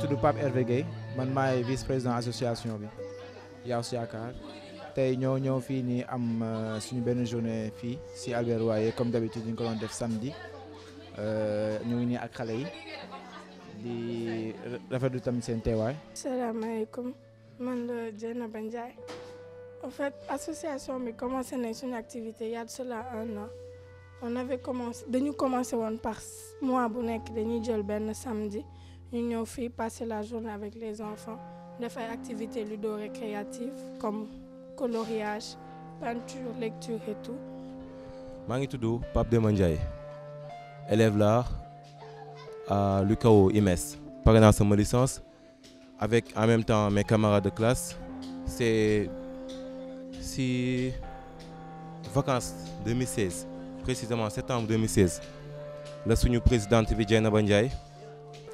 tudd Pape Hervé Guèye man maay vice président association bi Yaaw si Yaakaar tey ñoo ñëw fii nii am euh, suñu benn journée fii si Albert Royer comme d'habitude ñu ko doon def samedi euh, ñu ngi nii ak xale yi di rafetlu tamit seen teewaay. salaamaaleykum man la Dieynaba Ndiaye en fait association bi commencé nañ suñu activité il y a cela un an on avait commencé dañu commencé woon par mois bu nekk dañuy jël benn samedi. ñu ñëw fii passer la journée avec les enfants def ay activités ludo-récréatives comme coloriage peinture lecture et tout. maa ngi tudd Pape Demba Ndiaye élève là à l'UCAO IMES pare naa sama licence avec en même temps mes camarades de classe c'est si vacances 2016 précisément septembre 2016 la suñu présidente bi Dieynaba Ndiaye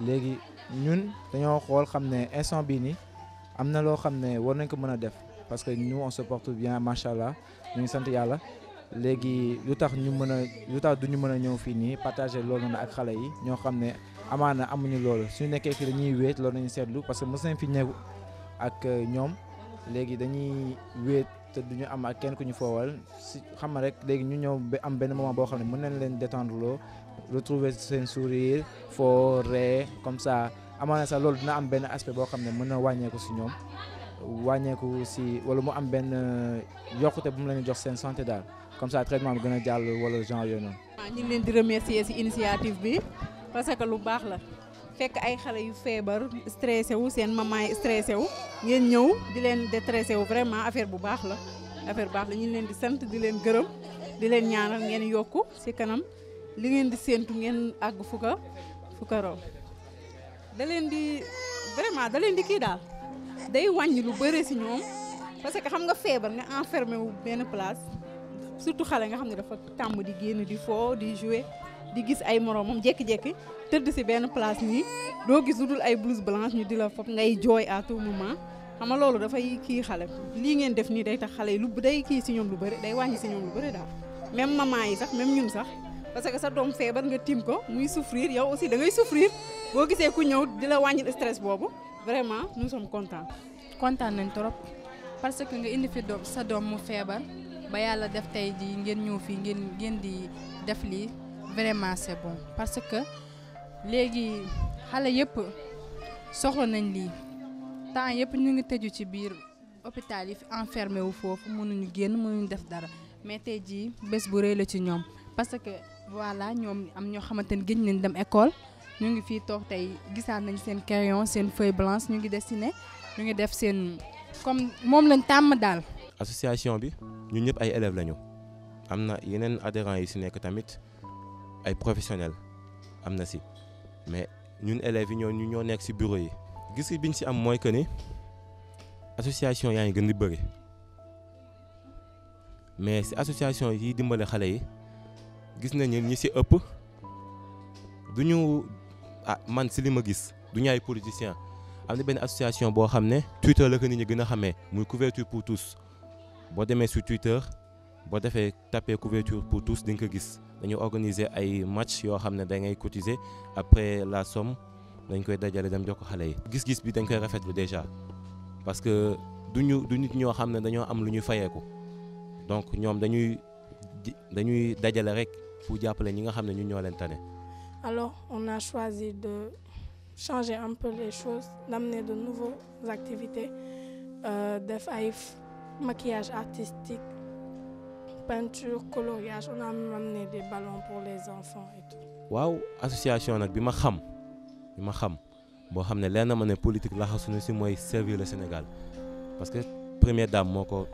léegi ñun dañoo xool xam ne instant bii ni am na loo xam ne war nañ ko mën a def parce que nous on se bien macha allah ñu ngi sant yàlla léegi lu tax ñu mën a lu tax du ñu mën a ñëw fii nii partager loolu na ak xale yi ñoo xam ne amaana amuñu loolu suñu nekkee fii dañuy wéet loolu nañu seetlu parce que mës nañ fi ñëw ak euh, ñoom léegi dañuy wéet. te du ñu am kenn ku ñu foowal si xam na rek léegi ñu ñëw ba am benn moment boo xam ne mën nañ leen détendre loo retrouver seen sourire foo ree comme ça amaana sax loolu dina am benn aspect boo xam ne mën na wàññeeku si ñoom wàññeeku si wala mu am benn euh, yokkute bu mu leen jox seen santé daal comme ça traitement bi gën a jàll wala genre yooyu noonu. ñu leen di remercier si initiative bi parce que lu baax la. fekk ay xale yu feebar stressé wu seen maman yi stressé wu ngeen ñëw di leen détressé wu vraiment affaire bu baax la affaire bu baax la ñu leen di sent di leen gërëm di leen ñaanal ngeen yokku ci kanam li ngeen di séentu ngeen àgg fu ko raw da leen di vraiment da leen di kii daal day wàññi lu bëre ci ñoom parce que xam nga feebar nga enfermé wu benn place surtout xale nga xam ne dafa tàmm di génn di foo di jouer di gis ay moroomam jékki-jékki tëdd si benn place nii doo gis lu dul ay blouse blanche ñu di la foog ngay jooy à tout moment xam nga loolu dafay kii xale lii ngeen def nii day tax xale yi lu day kii si ñoom lu bëri day wàññi si ñoom lu bëri daal même maman yi sax même ñun sax parce que sa doom feebar nga tiim ko muy souffrir yow aussi dangay ngay boo gisee ku ñëw di la wàññi stress boobu vraiment nous sommes kontaan kontaan nañ trop parce que nga indi fi sa doom mu feebar ba yàlla def tey jii ngeen ñëw fii ngeen ngeen di def lii. vraiment c'est bon parce que léegi xale yëpp soxla nañ lii temps yëpp ñu ngi tëju ci biir hôpital yi fi enfermé wu foofu mënuñu génn mënuñu def dara mais tey jii bés bu rëy la ci ñoom parce que voilà ñoom am ñoo xamante ni gëj nañ dem école ñu ngi fii toog tey gisaat nañ seen crayon seen feuille blanche ñu ngi dessiné ñu ngi def seen comme moom lañ tàmm daal. association bi ñun ñëpp ay élèves lañu am na yeneen adhérents yi si nekk tamit. ay professionnels am na si mais ñun élèves yi ñoo ñu ñoo nekk si bureau yi. gis biñ si am mooy que ni association yaa ngi gën di bëri mais si association yi dimbale xale yi gis nañu ñi si ëpp du ñu ah man si li ma gis du ñu ay politiciens am na benn association boo xam ne Twitter la ko nit ñi gën a xamee muy couverture pour tous boo demee sur Twitter. boo defee tappee couverture pour tous di nga ko gis dañu organiser ay match yoo xam ne da ngay cotiser après la somme dañ koy dajale dem jox ko xale yi. gis-gis bi dañ koy rafetlu déjà parce que du ñu du nit ñoo xam ne dañoo am lu ñu fayeeku donc ñoom dañuy dañuy dajale rek pour jàppale ñi nga xam ne ñu ñoo leen tane. alors on a choisi de changer un peu les choses d'amener de nouvelles activités euh, def ay maquillage artistique. peinture coloriage on a même amené des ballons pour les enfants et waaw association nag bi ma xam bi ma xam boo xam ne leen na ma ne politique laxasu na si mooy servir le Sénégal parce que première dame moo ko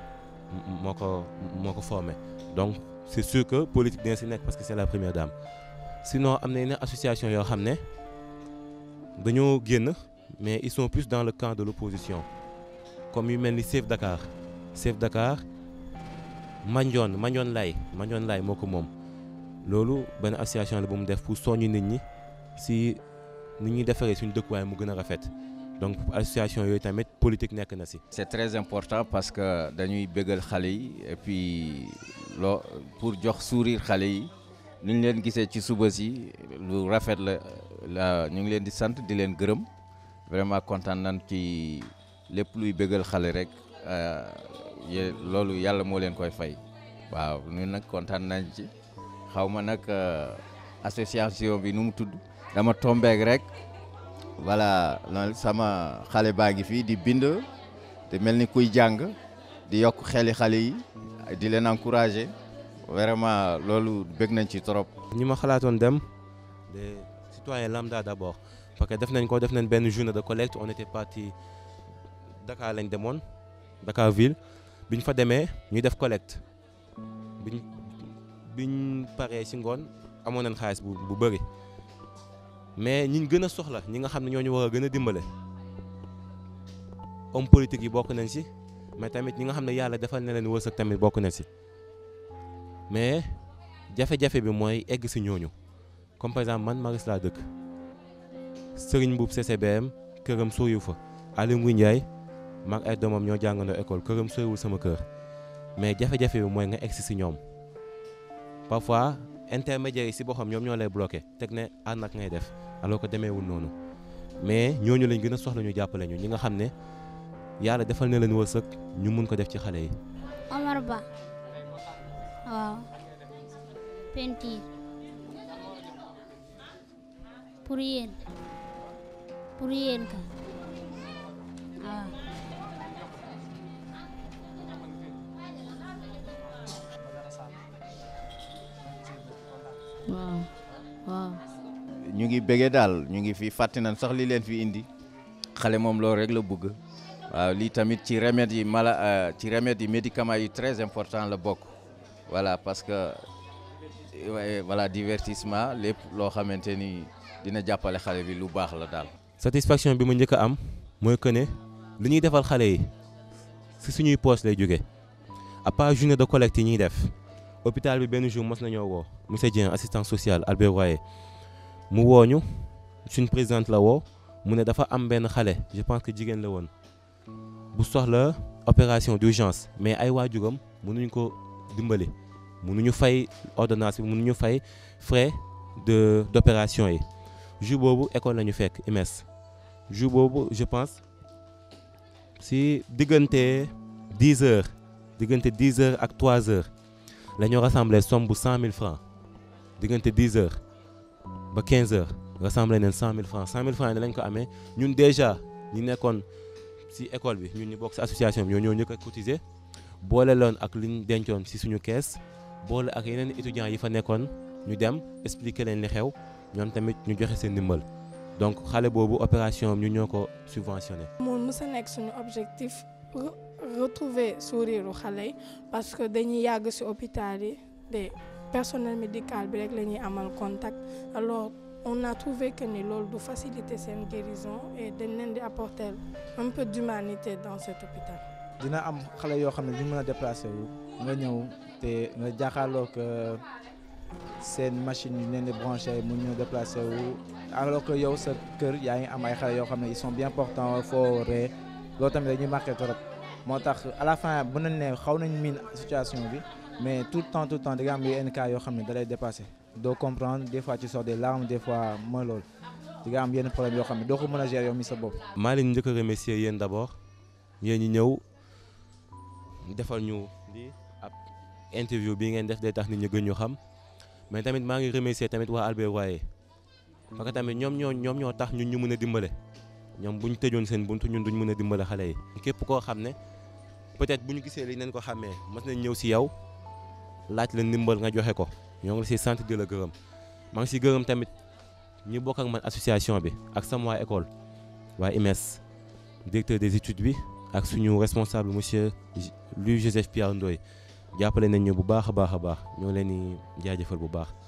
moo ko moo ko formé donc c'est sûr que politique dina si nekk parce que c'est la première dame sinon am na yeneen association yoo xam ne dañoo génn mais ils sont plus dans le camp de l'opposition comme yu mel ni Save Dakar Save Dakar. Mandione Mandione Laye Mandione Laye moo ko moom loolu benn association la bu mu def pour soññu nit ñi si nit ñuy defaree suñu dëkkuwaay mu gën a rafet donc association yooyu tamit politique nekk na si. c'est très important parce que dañuy bëggal xale yi et loo pour jox sourire xale yi ni ñu leen gisee ci suba si lu rafet la la ñu ngi leen di sant di leen gërëm vraiment kontaan nañ ci lépp luy bëggal xale rek. Euh, loolu yàlla moo leen koy fay waaw ñun nag kontaan nañ ci xaw ma nag euh, association bi nu mu tudd dama tombeek rek voilà sama xale baa ngi fii di bind te mel ni kuy jàng di yokk xeli xale yi di leen encourager vraiment loolu bëgg nañ ci trop. ñu ma xalaatoon dem les citoyens lambda d'abord parce que def nañ ko def nañ benn journée de collecte on était parti Dakar lañ demoon Dakar ville. biñ fa demee ñuy def collecte biñ biñ paree ci ngoon amoon nañ xaalis bu bu bëri mais ñiñ gën a soxla ñi nga xam ne ñoo ñu war a gën a dimbale homme politique yi bokk nañ si mais tamit ñi nga xam ne yàlla defal na leen wërsëg tamit bokk nañ si mais jafe-jafe bi mooy egg ci ñooñu comme par man Maris laa dëkk Serigne Mboup CCBM këram sooyu fa Aliou Ngouille Ndiaye mag ay doomam ñoo jàngandoo école këram soriwul sama kër mais jafe-jafe bi mooy nga egsi si ñoom parfois intermédiaires yi si boppam ñoom ñoo lay bloqué teg ne ànd ak ngay def alors ko demeewul noonu mais ñooñu lañ gën a soxla ñu jàppale ñu ñi nga xam ne yàlla defal na leen wërsëg ñu mun ko def ci xale yi. Omar Ba waaw waaw. ñu ngi bëggee daal ñu ngi fi fàtte nañ sax li leen fi indi xale moom loolu rek la bëgg waaw lii tamit ci remèdes yi mala euh, ci remèdes yi médicaments yi très important la bokk voilà parce que voilà divertissement lépp loo xamante ni dina jàppale xale bi lu baax la daal. satisfaction bi ma njëkk a am mooy que ne li ñuy defal xale yi si suñuy poos lay jóge à part journée de collecte yi ñuy def. hôpital bi benn jour mos nañoo woo monsieur Dieng assistant social Albert waaye mu wooñu suñ présidente la woo mu ne dafa am benn xale je pense que jigéen la woon bu soxla opération d'urgence mais ay waajuram mënuñ ko dimbali mënuñu fay ordonnance bi mënuñu fay frais de d'opération yi jour boobu école lañu ñu fekk IMES jour boobu je pense si diggante dix heures diggante dix heures ak trois heures la ñu rassemblé somme bu cent mille francs diggante dix heures ba quinze heures neen mille francs cent mille francs yi lañ ko amee ñun déjà ñi nekkoon si école bi ñun ñu bokk si association bi ñoo ñoo ñëkk a cotiser boole loon ak liñ dencoon si suñu kees boole ak yeneen étudiants yi fa nekkoon ñu dem expliqué leen li xew ñoom tamit ñu joxe seen ndimbal donc xale boobu opération ñu ñoo ko subventionné. moom mës nekk suñu objectif retrouver sourire u xale yi parce que dañuy yàgg si hôpital yi te personnel médical bi rek lañuy ñuy amal contact alors on a trouvé que ni loolu du faciliter seen guérison et dañ leen di apporter un peu d'humanité dans cet hôpital. dina am xale yoo xam ne di mën a déplacer wu nga ñëw te nga jaaxaarloo que euh, seen machine yu leen di branché mu ñëw déplacer wu alors que yow sa kër yaa ngi am ay xale yoo xam ne ils sont bien portants foo ree loolu tamit dañuy marqué trop. moo tax à la fin bu nañ ne xaw nañ miin situation bi mais tout le temps tout le temps da nga am yenn cas yoo xam ne da lay dépassé doo comprendre des fois ci sors des larmes des fois mooy loolu di nga am yenn problème yoo xam ne doo ko mën a gérer yow mi sa bopp. maa leen njëkk a remercier yéen d' abord yéen ñi ñëw defal ñu lii ab interview bii ngeen def day tax nit ñu gën ñu xam mais tamit maa ngi remercier tamit waa Albert Royer parce que tamit ñoom ñoo ñoom ñoo tax ñun ñu mën a dimbale. ñoom bu ñu tëjoon seen buntu ñun duñ mën a dimbale xale yi. képp koo xam ne peut-être bu ñu gisee li nañ ko xàmmee mas nañ ñëw si yow laaj la ndimbal nga joxe ko ñoo ngi la siy sant di la gërëm maa ngi si gërëm tamit ñi bokk ak man association bi ak sama waa école waa IMES directeur des études bi ak suñu responsable monsieur Louis Joseph Pierre Ndoye jàppale nañ ñu bu baax a baax a baax ñoo leen di jaajëfal bu baax.